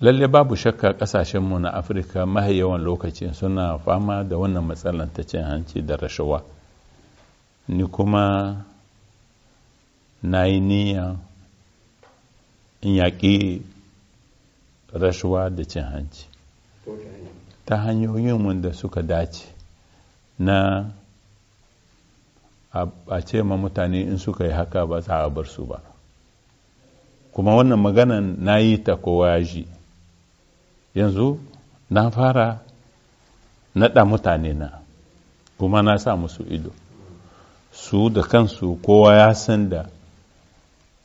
lalle babu shakka kasashenmu na afirka mahi yawan lokaci suna fama da wannan matsalar ta cin hanci da rashawa ni kuma na yi niyya in yaƙi rashawa da cin hanci ta hanyoyin da suka dace na a ce ma mutane in suka yi haka ba za a bar su ba kuma wannan maganan na yi ta kowa ya yanzu na fara naɗa mutane na kuma na sa musu ido su da kansu kowa ya san da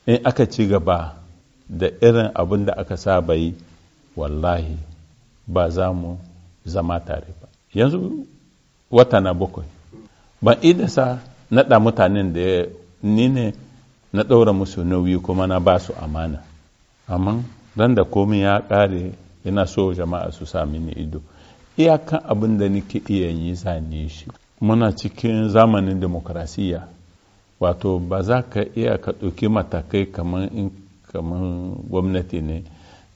in aka ci gaba da irin abin da aka saba yi wallahi ba za mu zama tare ba yanzu wata na bakwai ban sa naɗa mutanen da ni ne na ɗaura musu nauyi kuma na ba su amana amma ran da komai ya ƙare ina so jama'a su sa mini ido iyakan abin da nake iya yi zane shi muna cikin zamanin demokrasiya wato ba za ka iya ka ɗauki matakai kamar gwamnati ne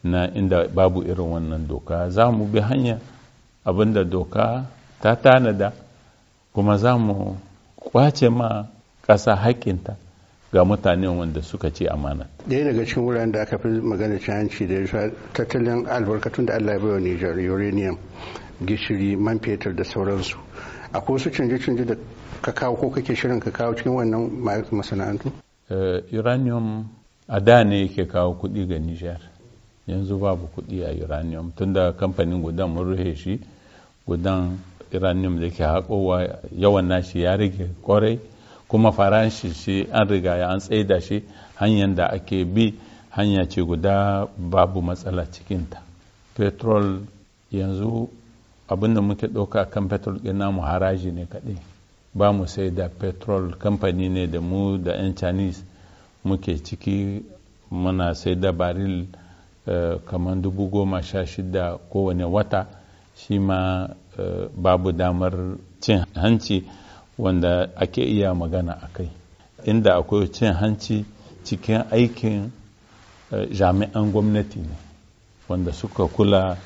na inda babu irin wannan doka za mu bi hanya abin da doka ta tanada kuma za mu kwace ma ƙasa haƙƙinta ga mutanen wanda suka ce amana. Ɗaya daga cikin wuraren da aka fi magana canci hanci da ya tattalin albarkatun da Allah ya baiwa Nijar uranium gishiri man fetur da sauransu. ko su canje-canje da ka kawo ko kake shirin ka kawo cikin wannan masana'antu? Eh, uranium a da ne yake kawo kuɗi ga Nijar. Yanzu babu kuɗi a uranium tunda kamfanin gudan mun rufe shi gudan uranium da ke haƙowa yawan nashi ya rage kwarai. kuma faranshi shi an riga ya an tsaida shi hanyar da ake bi hanya ce guda babu matsala cikin ta petrol yanzu abin muke ɗauka kan petrol ɗin namu haraji ne kaɗai ba mu sai da petrol kamfani ne da mu da 'yan chinese muke ciki muna sai da baril eh, kamar dubu goma sha shida kowane wata shi ma eh, babu damar cin hanci wanda ake iya magana a kai inda akwai cin hanci cikin aikin eh, jami'an gwamnati ne wanda suka kula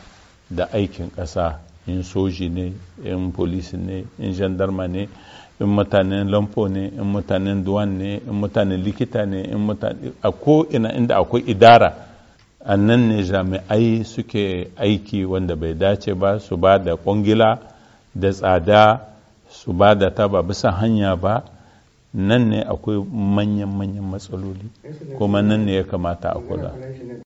da aikin ƙasa in soji ne in polisi ne in jandarma ne in mutanen lampo ne in mutanen duwan ne in mutanen likita ne in mutane a ko'ina inda akwai idara a nan ne jami'ai suke aiki wanda bai dace ba su ba da kwangila da tsada su ba da ta ba bisa hanya ba nan ne akwai manyan-manyan matsaloli kuma nan ne ya kamata a kula